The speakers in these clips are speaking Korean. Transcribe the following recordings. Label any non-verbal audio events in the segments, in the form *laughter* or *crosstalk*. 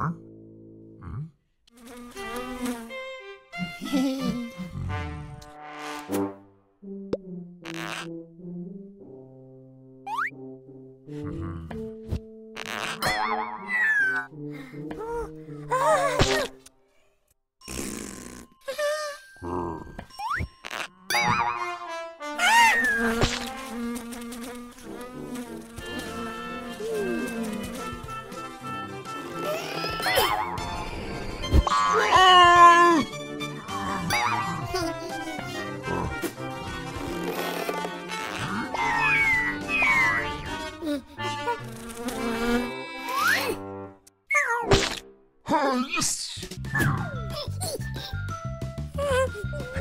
어? 응? 아! Uh. *laughs*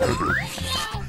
Oh, *laughs*